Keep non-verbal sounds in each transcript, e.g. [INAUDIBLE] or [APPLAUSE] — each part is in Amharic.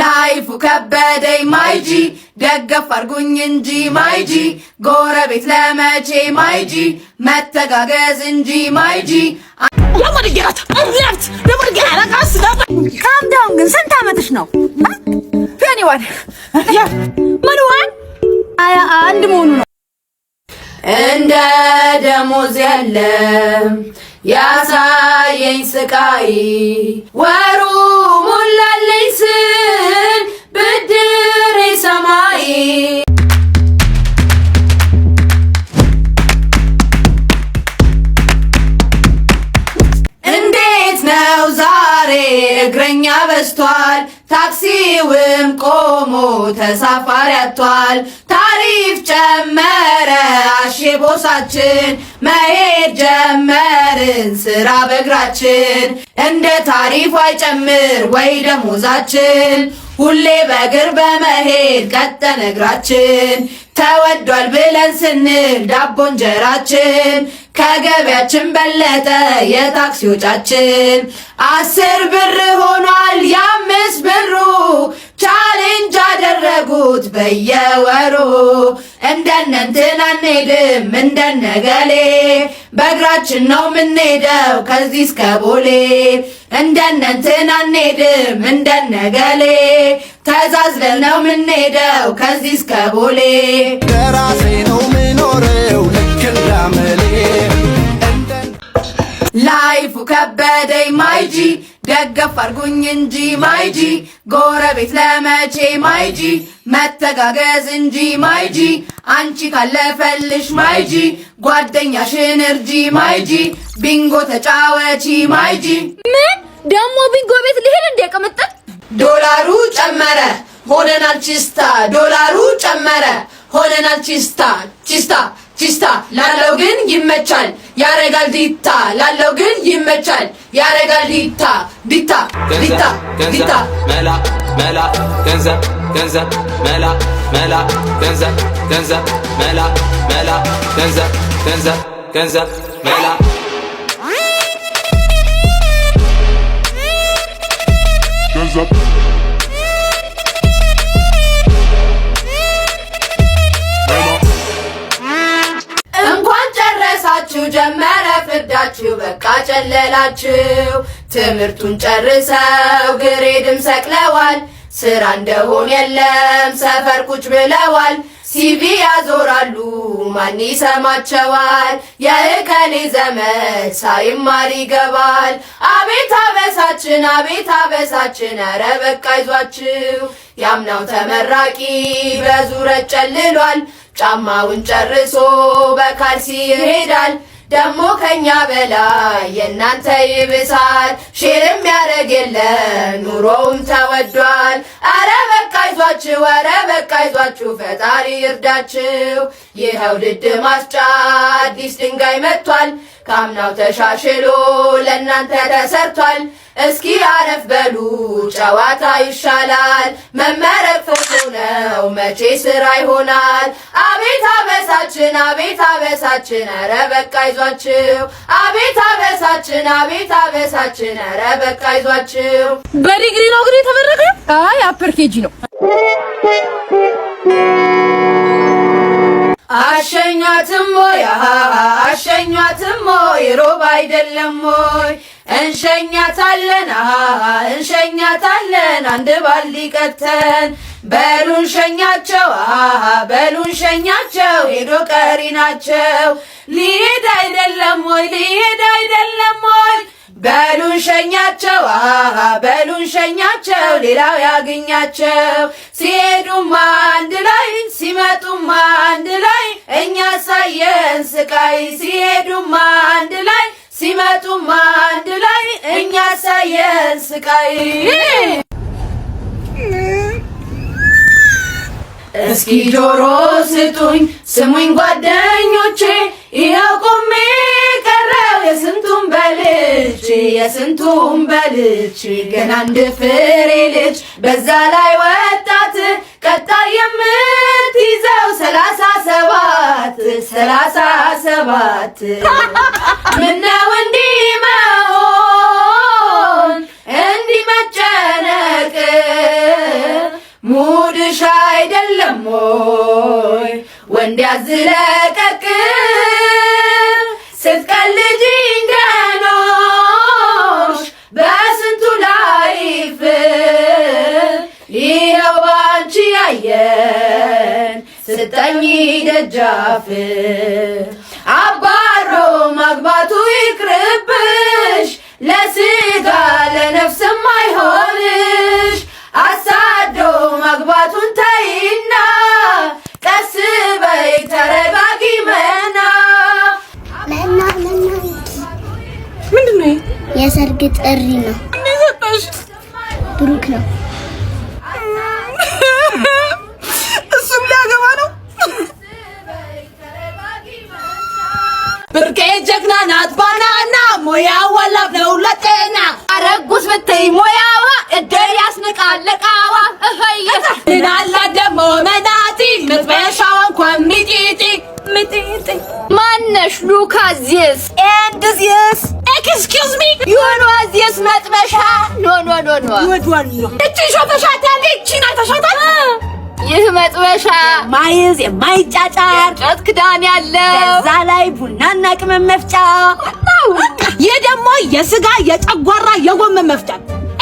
ላይፉ ከበደኝ ማይጂ ደገፍ አርጉኝ እንጂ ማይጂ ጎረቤት ለመቼ ማይጂ መተጋገዝ እንጂ ማይጂ ካምዳውን ግን ስንት ዓመትሽ ነው? ኒዋን ምንዋን ሀያ አንድ መሆኑ ነው። እንደ ደሞዝ ያለ ያሳየኝ ስቃይ ወሩ ሞላለኝ ስል ብድሬ ሰማይ እግረኛ በዝቷል፣ ታክሲውም ቆሞ ተሳፋሪ አጥቷል። ታሪፍ ጨመረ አሽቦሳችን፣ መሄድ ጀመርን ስራ በእግራችን። እንደ ታሪፉ አይጨምር ወይ ደሞዛችን፣ ሁሌ በእግር በመሄድ ቀጠ እግራችን። ተወዷል ብለን ስንል ዳቦ እንጀራችን ከገቢያችን በለጠ የታክሲ ወጫችን አስር ብር ሆኗል የአምስት ብሩ ቻሌንጅ አደረጉት በየወሩ እንደነንትን አንሄድም እንደነገሌ በእግራችን ነው የምንሄደው ከዚህ እስከ ቦሌ እንደነንትን አንሄድም እንደነገሌ ተዛዝለን ነው የምንሄደው ከዚህ እስከ ቦሌ ነው ምኖረው ላይፉ ከበደኝ ማይጂ ደገፍ አርጉኝ እንጂ ማይጂ ጎረቤት ለመቼ ማይጂ መተጋገዝ እንጂ ማይጂ አንቺ ካለፈልሽ ማይጂ ጓደኛሽን እርጂ ማይጂ ቢንጎ ተጫወቺ ማይጂ ምን ደግሞ ቢንጎ ቤት ልሄድ እንደ ቅምጥል ዶላሩ ጨመረ ሆነናል ቺስታ ዶላሩ ጨመረ ሆነናል ቺስታ ቺስታ ቺስታ ላለው ግን ይመቻል ያረጋል ዲታ ላለው ግን ይመቻል ያረጋል ዲታ ዲታ ዲታ ዲታ መላ መላ ገንዘብ ገንዘብ መላ መላ ገንዘብ ገንዘብ መላ መላ ገንዘብ ገንዘብ ገንዘብ መላ ገንዘብ ጀመረ ፍዳችሁ በቃ ጨለላችሁ። ትምህርቱን ጨርሰው ግሬድም ሰቅለዋል። ስራ እንደሆን የለም ሰፈር ቁጭ ብለዋል። ሲቪ ያዞራሉ ማን ይሰማቸዋል? የእከሌ ዘመድ ሳይማር ይገባል። አቤት አበሳችን አቤት አበሳችን ኧረ በቃ ይዟችሁ። ያምናው ተመራቂ በዙረት ጨልሏል። ጫማውን ጨርሶ በካልሲ ይሄዳል። ደግሞ ከኛ በላይ የእናንተ ይብሳል። ሼርም ያደረግለ ኑሮውም ተወዷል። አረ በቃ ይዟችሁ፣ አረ በቃ ይዟችሁ፣ ፈጣሪ ይርዳችሁ። ይኸው ድድ ማስጫ አዲስ ድንጋይ መጥቷል። ከአምናው ተሻሽሎ ለእናንተ ተሰርቷል። እስኪ አረፍ በሉ ጨዋታ ይሻላል። መመረቅ ፎቶ ነው መቼ ስራ ይሆናል። አቤት አበሳችን አቤት አበሳችን ኧረ በቃ ይዟችሁ። አቤት አበሳችን አቤት አበሳችን ኧረ በቃ ይዟችሁ። በዲግሪ ነው ግን የተመረቀ? አይ አፐር ኬጂ ነው አሸኛትም ወይ አሸኛትም ወይ ሮብ አይደለም ወይ እንሸኛታለን እንሸኛታለን አንድ ባል ሊቀተን በሉን ሸኛቸው በሉን ሸኛቸው ሄዶ ቀሪ ናቸው ሊሄድ አይደለም ወይ ሊሄድ አይደለም ወይ በሉን ሸኛቸው አሃ በሉን ሸኛቸው ሌላው ያግኛቸው ሲሄዱም አንድ ላይ ሲመጡም አንድ ላይ እኛ ሳየን ስቃይ ሲሄዱም አንድ ላይ ሲመጡም አንድ ላይ እኛ ሳየን ስቃይ እስኪ ጆሮ ስጡኝ ስሙኝ ጓደኞቼ ይኸው ቆሜ የስንቱም በልጅ የስንቱም በልጅ ገና አንድ ፍሬ ልጅ በዛ ላይ ወጣት ቀጣይ የምትይዘው ሰላሳ ሰባት ሰላሳ ሰባት ምነው እንዲህ መሆን እንዲህ መጨነቅ ሙድሽ አይደለም ወይ ወንድ ያዝለቀቅ ስትቀልጂ እንደኖርሽ በስንቱ ላይፍ ይኸው ባንቺ ያየን ስጠኝ ደጃፍ አባሮ ማግባቱ ይቅርብሽ ለስጋ ለነፍስ አይሆንሽ አሳዶ ማግባቱን ተይና ቀስ በይ ተረ የሰርግ ጥሪ ነው። ብሩክ ነው። እሱም ሊያገባ ነው። ብርቄ ጀግና ናት። ባናና ሞያዋ ላብ ነው ለጤና አረጉስ ብትይ እድር ደግሞ እንኳን ሚጢጢ ማነሽ ኤክስኪውዝ ሚ ዩኖ ዚስ መጥበሻ ኖ ኖ ኖ ኖ እቺ ሾፈሻት ያለ እቺ ና ተሸጣል። ይህ መጥበሻ ማይዝ የማይጫጫር ጨት ክዳን ያለው ከዛ ላይ ቡናና ቅመም መፍጫ፣ ይህ ደግሞ የስጋ የጨጓራ የጎመን መፍጫ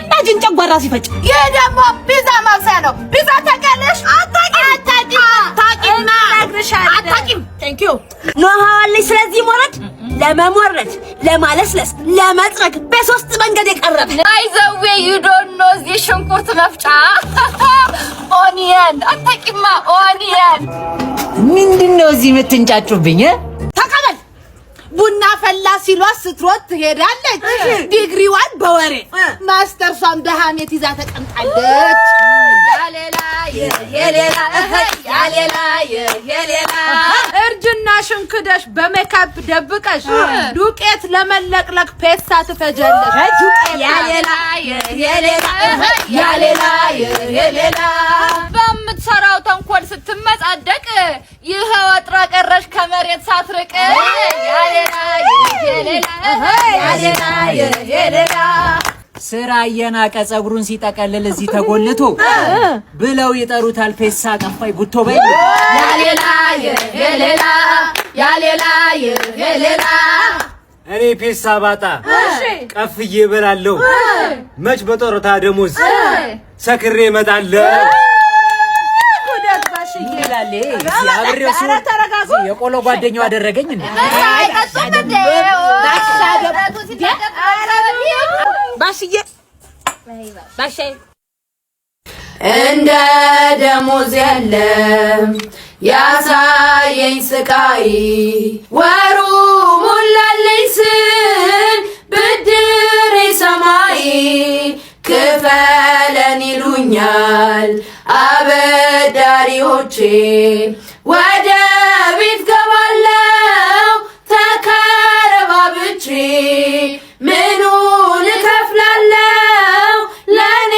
ኢማጂን ጨጓራ ሲፈጭ። ይህ ደግሞ ፒዛ ማብሰያ ነው። ፒዛ ተቀለሽ አታቂም አታቂም አታቂም ስለዚህ ሞረድ ለመሞረት፣ ለማለስለስ፣ ለመጥረግ በሶስት መንገድ የቀረበ አይዘዌ ዩዶኖ እዚህ ሽንኩርት መፍጫ [LAUGHS] ኦኒየን አታቂማ ኦኒየን ምንድን ነው እዚህ የምትንጫጩብኝ? ተቀበል። ቡና ፈላ ሲሏት ስትሮት ትሄዳለች። ዲግሪዋን በወሬ ማስተርሷን በሀሜት ይዛ ተቀምጣለች። ያሌላ የሌላ በሜካፕ ደብቀሽ ዱቄት ለመለቅለቅ ፔሳ ትፈጀለሽ በምትሰራው ተንኮል ስትመጻደቅ ይህ ወጥራ ቀረሽ ከመሬት ሳትርቅ ያሌላ የሌላ ያሌላ የሌላ ስራ እየናቀ ጸጉሩን ሲጠቀልል እዚህ ተጎልቶ ብለው ይጠሩታል። ፌሳ ቀፋይ ጉቶ በይ ያሌላ የሌላ ያሌላ የሌላ እኔ ፌሳ ባጣ ቀፍዬ እበላለሁ። መች በጦርታ ደሞዝ ሰክሬ እመጣለሁ ይላል አብሬው የቆሎ ጓደኛው አደረገኝ እንደ ደሞዝ የለም ያሳየኝ ስቃይ ወሩ ሞላልኝ ስል ብድር ሰማይ ክፈለን ይሉኛል አበዳሪዎቼ ወደ ቤት ገባለው ተከረባብቼ ምኑን እከፍላለው ለእኔ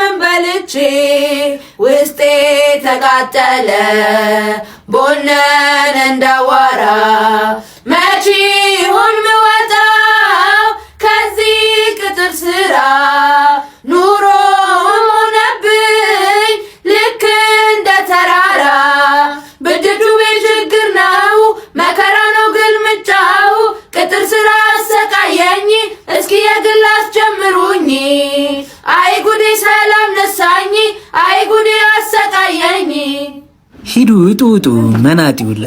ምን በልቼ ውስጤ ተቃጠለ ቦነን እንዳዋራ ጉዴ ሰላም ነሳኝ፣ አይ ጉዴ አሰቃየኝ። ሂዱ ውጡ ውጡ መናጢ ውላ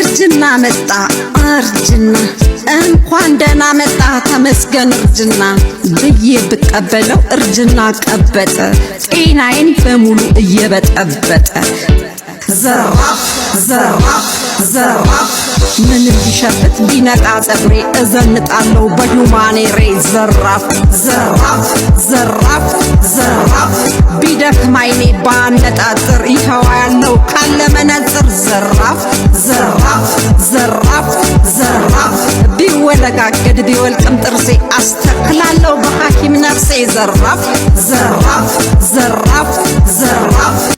እርጅና መጣ እርጅና እንኳን ደህና መጣ ተመስገን እርጅና ብዬ ብቀበለው እርጅና ቀበጠ ጤናዬን በሙሉ እየበጠበጠ زرف زرف زرف من بيشفت بينك عصبري ازنت عنه بيوماني ري زرف زرف زرف زرف بيدك مايني بانت عطر ايهو عنه قال منظر زرف زرف زرف زرف بيولك عقد بيولك امترسي بقاكي من نفسي زرف زرف زرف زرف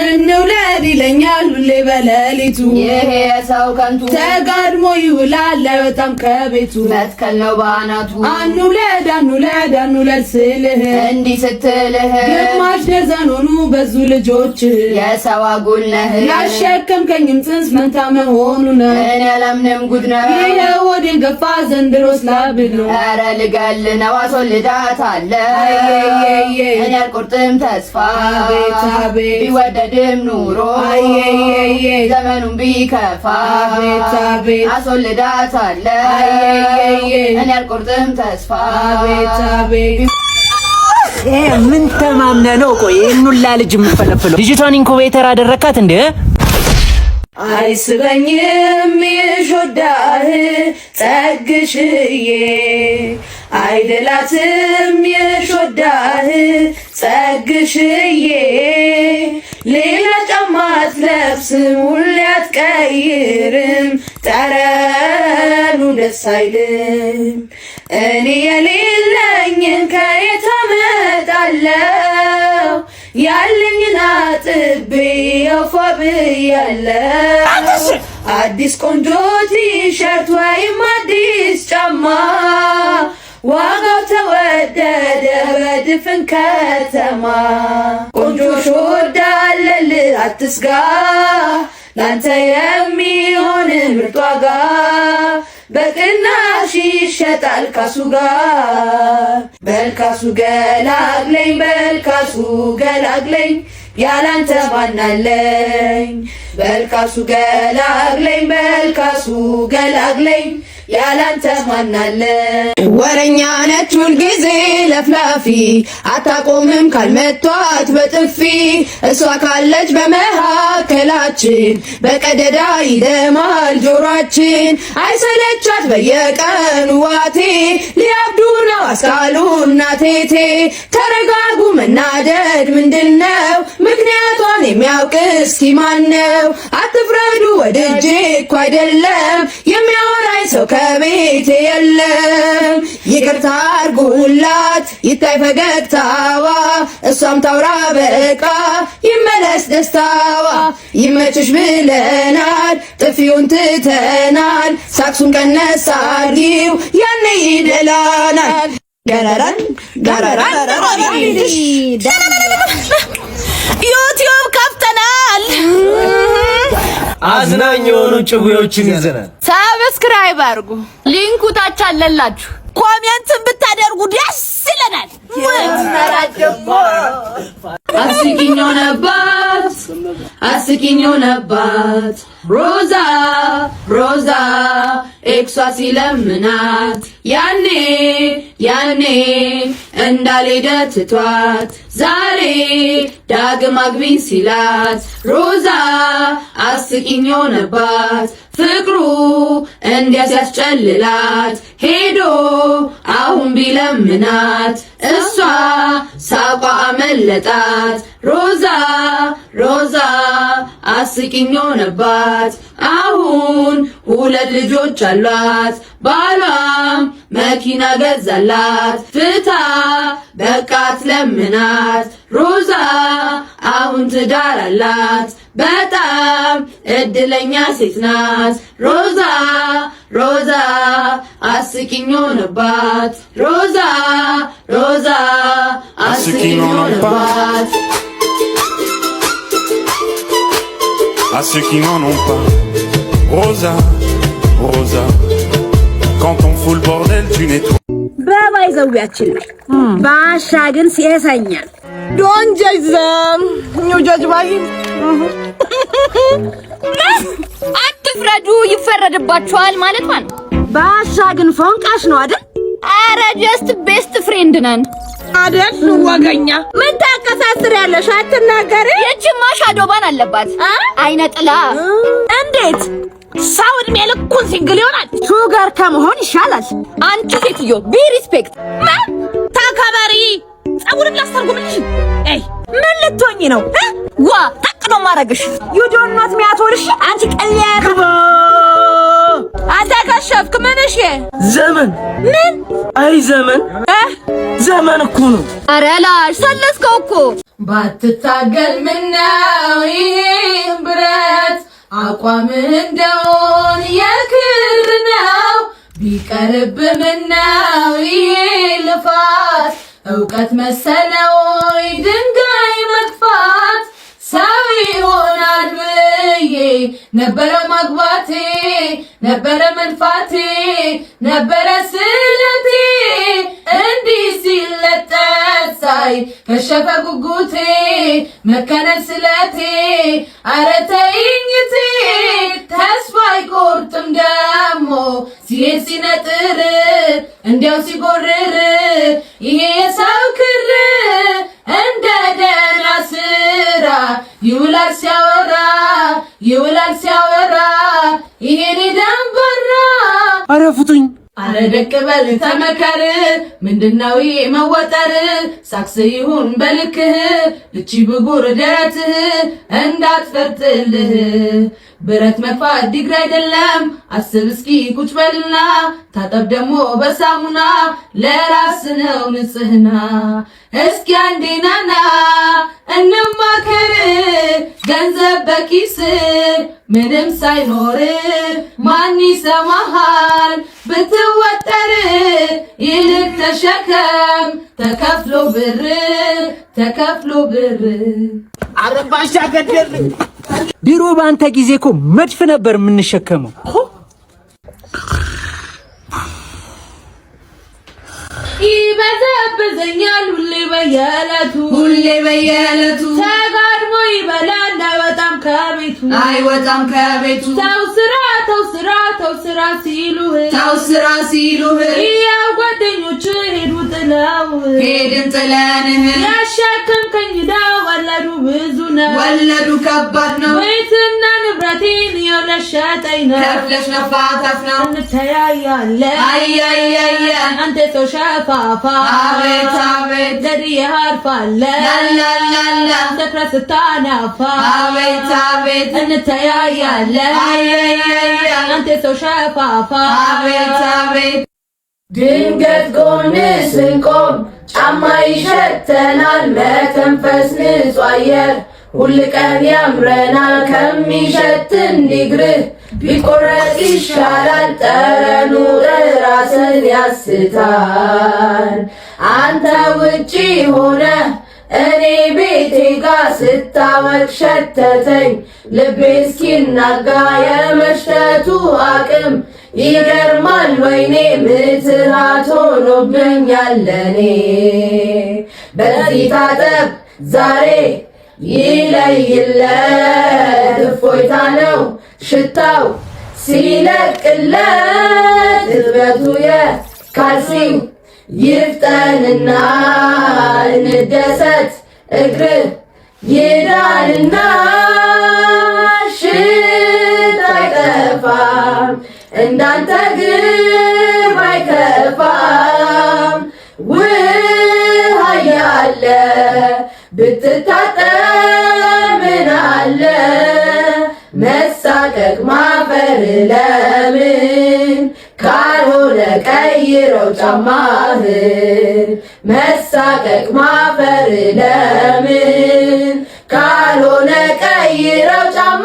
እንውለድ ይለኛል ሁሌ በለሊቱ ይሄ የሰው ከንቱ ተጋድሞ ይውላል ለበጣም ከቤቱ መትከል ነው በአናቱ አንውለድ አንውለድ አንውለድ ስልህ እንዲህ ስትልህ ግማሽ ደዘን በዙ ልጆችህ የሰው አጉል ያሸከምከኝም ፅንስ መንታ መሆኑ ነህ እኔ አላምንም ጉድ ነው ይሄ ወዴን ገፋ ዘንድሮ ስላብል ኧረ ልገል ነው አስወልዳታለሁ እኔ አልቆርጥም ተስፋ ቤታ ቤት ቢከብድም ኑሮ ዘመኑን ቢከፋ አስወልዳታለሁ እኔ አልቆርጥም ተስፋ። ምን ተማምነ ነው? ቆይ ይህን ሁላ ልጅ የምፈለፍለው ልጅቷን ኢንኩቤተር አደረካት እንዴ አይስበኝም ይሾዳህ ጸግሽዬ አይደላትም የሾዳህ ጸግሽዬ ሌላ ጫማት ለብስ ሁሌ አትቀይርም ጠረኑ ደስ አይልም እኔ የሌለኝን ከየት አመጣለሁ ያለኝን አጥቤ የውፏ አዲስ ቆንጆ ቲሸርት ወይም አዲስ ጫማ ዋጋው ተወደደ በድፍን ከተማ ቆንጆ ሾርዳ አለልህ አትስጋ ላንተ የሚሆን ምርጥ ዋጋ በቅናሽ ይሸጣል ካሱ ጋር በልካሱ ገላግለኝ በልካሱ ገላግለኝ ያላንተ ማናለኝ በልካሱ ገላግለኝ በልካሱ ገላግለኝ ያላንተ ማናለ ወረኛ ነች ሁልጊዜ ለፍላፊ አታቆምም ካልመቷት በጥፊ እሷ ካለች በመካከላችን በቀደዳ ይደማል ጆሯችን አይሰለቻት በየቀኑ ዋቴ ሊያብዱ ነው አስካሉና ቴቴ ተረጋጉ መናደድ ምንድነው ምክንያቷን የሚያውቅ እስኪ ነው አትፍረዱ ወድጄ እኮ አይደለም የሚያወራኝ ሰው በቤት የለም። ይቅርታ አርጉላት ይታይ ፈገግታዋ፣ እሷም ታውራ በቃ ይመለስ ደስታዋ። ይመችሽ ብለናል ጥፊውን ትተናል፣ ሳክሱን ቀነስ አርጊው ያን ይደላናል። ገረረን ገረረን ዩቲዩብ ከፍተናል። አዝናኝ የሆኑ ጭጉዎችን ይዘናል። ሰብስክራይብ አድርጉ፣ ሊንኩ ታች አለላችሁ። ኮሜንትን ብታደርጉ ደስ ይለናል። አስቂኝ ነባት አስቂኝ ሆነባት ሮዛ ሮዛ ኤክሷ ሲለምናት ያኔ ያኔ እንዳልሄደ ትቷት ዛሬ ዳግም አግቢኝ ሲላት ሮዛ አስቂኝ ሆነባት ፍቅሩ እንዲያ ሲያስጨልላት ሄዶ አሁን ቢለምናት እሷ ሳቋ አመለጣት ሮዛ ሮዛ አስቂኝ ሆነባት አሁን ሁለት ልጆች አሏት ባሏም መኪና ገዛላት ፍታ በቃት ለምናት ሮዛ አሁን ትዳር አላት በጣም እድለኛ ሴት ናት ሮዛ ሮዛ አስቂኝ ሆነባት ሮዛ ሮዛ አስቂኝ ሆነባት à ceux ሮዛ ሮዛ quand on fout le bordel, tu nettoies. በባይዘዊያችን ላይ ባሻ ግን ሲያሳኛል። ዶን ጀጅ ኒው ጀጅ ባይ አትፍረዱ፣ ይፈረድባችኋል ማለት ማለት ባሻ ግን ፎንቃሽ ነው አይደል? አረ ጀስት ቤስት ፍሬንድ ነን አደስ ወገኛ ምን ታቀሳስሪያለሽ? አትናገሪ። ይቺማ ሻዶባን አለባት አይነ ጥላ እንዴት ሰው እድሜ ልኩን ሲንግል ይሆናል። ሹጋር ከመሆን ይሻላል። አንቺ ሴትዮ ቢ ሪስፔክት ተከበሪ። ጸጉርን ላስተርጉምልሽ። አይ ምን ልትሆኚ ነው? ዋ ጠቅ ነው ማረግሽ ዩ ዶንት ኖት ሚያቶልሽ አንቺ ቀያት አተከሸፍክ ምንሽ ዘመን ምን አይ ዘመን ዘመን እኮ ነው። ኧረ ላሽ ሰለስከው እኮ ባትታገል ምነው ይህ ብረት አቋም እንደሆን የክር ነው ቢቀርብ ምነው ይሄ ልፋት እውቀት መሰለው ድንጋይ መግፋት ሰው ይሆናል ብዬ ነበረ ማግባቴ ነበረ መንፋቴ ነበረ ስለቴ እንዲህ ሲለጠት ከሸፈ ጉጉቴ መከነ ስለቴ አረ ተስፋ አይቆርጥም ደሞ ሲሄድ ሲነጥር እንዲያው ሲጎርር ይሄ የሰው ክር ይውላል ሲያወራ ይውላል ሲያወራ ይሄኔ ደንባራ አረፉትኝ አረ ደቅ በል ተመከር፣ ምንድነው መወጠር? ሳክስ ይሁን በልክህ ልቺ ብጉር ደረትህ እንዳትፈርጥልህ ብረት መግፋት ዲግሪ አይደለም፣ አስብ እስኪ ቁጭ በልና ታጠብ ደግሞ በሳሙና ለራስ ነው ንጽህና። እስኪ አንዴ እንማከር፣ ገንዘብ በኪስ ምንም ሳይኖር ማን ይሰማሃል ብትወጠር? ይልቅ ተሸከም ተከፍሎ ብር ተከፍሎ ብር አረባሻ ገደልኝ ድሮ በአንተ ጊዜ እኮ መድፍ ነበር የምንሸከመው። ያስመዘብዘኛል ሁሌ በየዕለቱ ሁሌ በየዕለቱ ተጋድሞ ይበላል አይወጣም ከቤቱ አይወጣም ከቤቱ ተው ስራ ተው ስራ ተው ስራ ሲሉህ ተው ስራ ሲሉህ ያው ጓደኞች ሄዱ ጥለው ሄድን ጥለንህ ያሸከምከኝ ዕዳ ወለዱ ብዙ ነው ወለዱ ከባድ ነው ወይትና ንብረቴን የለሸጠኝ ነው ከፍለሽ መፋታት ነው እንተያያለን አያያያ አንተ ሰው ሸፋፋ አቤት አቤት ዘድዬ አርፋለን ላላላላ ሰክረህ ስታናፋ አቤት አቤት እንተያያለን አያያያ አንተ ሰው ሸፋፋ አቤት አቤት ድንገት ጎን ስንቆም ጫማ ይሸተናል መተንፈስ ንጹህ አየር ሁል ቀን ያምረናል ከሚሸት እንዲግርህ ቢቆረጥ ይሻላል ጠረኑ ራስን ያስታል። አንተ ውጪ ሆነ እኔ ቤቴ ጋ ስታወቅ ሸተተኝ ልቤ እስኪናጋ የመሽተቱ አቅም ይገርማል ወይኔ ምትራት ሆኖብኝ ያለኔ በዚህ ታጠብ ዛሬ ይለይለት እፎይታ ነው ሽታው ሲለቅለት እጥበቱ የካልሲው ይፍጠንና እንደሰት እግር ይዳንና ሽታ አይጠፋም እንዳንተ ግርማ አይከፋም ውሃ ያለ ብትታ አለ መሳቀቅ ማፈር ለምን ካልሆነ ቀይረው ጫማህን መሳቀቅ ማፈር ለምን ካልሆነ ቀይረው ጫማ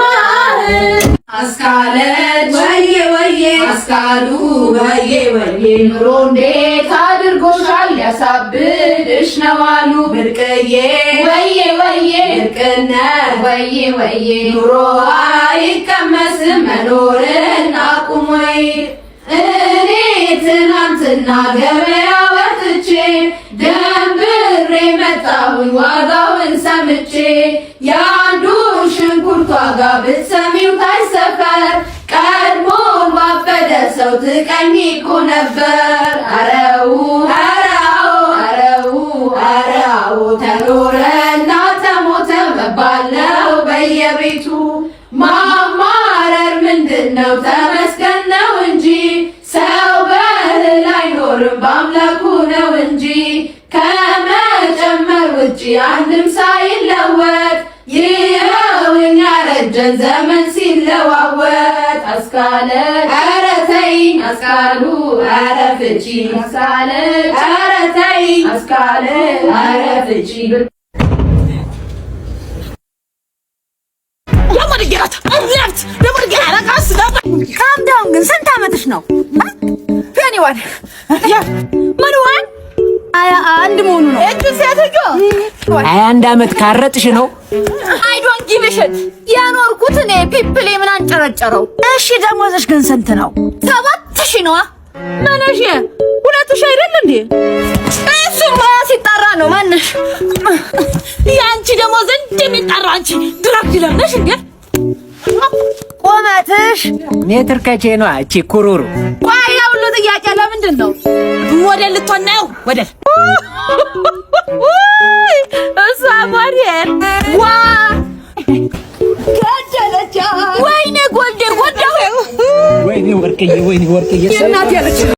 አስካለች ወዬ ወዬ አስካሉ ወየ ወዬ ኑሮ እንዴት አድርጎሻል ያሳብድሽ ነዋሉ ብርቅዬ ወየ ወየ ብርቅነት ወየ ወዬ ኑሮ አይቀመስም መኖርን አቁሞይ እኔ ትናንትና ገበያ ወጥቼ ደንብ ተምሬ መጣሁኝ ዋጋውን ሰምቼ የአንዱን ሽንኩርት ዋጋ ብትሰሚው ታይ ቀድሞ ባበደ ሰው ትቀኝቁ ነበር። አረው አራው አረው አራው ተኖረና ተሞተ መባለው በየቤቱ ማማረር ምንድን ነው? ተመስገን ነው እንጂ ሰው በእህል አይኖርም ያህልም ሳይለወጥ ይኸው እኛ ረጀን ዘመን ሲለዋወጥ አስካለ ኧረ ተይኝ አስካሉ ኧረ ፍቺ አስካለ ኧረ ተይኝ አስካለ ኧረ ፍቺ ግን ስንት ዓመትሽ ነው? ሀያ አንድ መሆኑ ነው። እቺ ሴትዮ ሀያ አንድ አመት ካረጥሽ ነው። አይ ዶንት ጊቭ ሸት ያኖርኩት እኔ ፒፕሌ ምን አንጨረጨረው። እሺ ደሞዝሽ ግን ስንት ነው? ሰባት ሺ ነዋ። መነሽ ሁለት ሺ አይደል እንዴ? እሱማ ሲጠራ ነው ማነሽ። የአንቺ ደሞዝ እንደሚጠራው አንቺ ድረግ ለምነሽ እንዴ? ቁመትሽ ሜትር ከቼ ነዋ። እቺ ኩሩሩ ጥያቄ ለምንድን ነው ሞዴል ልትሆን ነው? ሞዴል እሷ ሞዴል ዋ ገደለቻ። ወይኔ ጎልዴ ወዳው ወይኔ ወርቅዬ ወይኔ ወርቅዬ እናት ያለች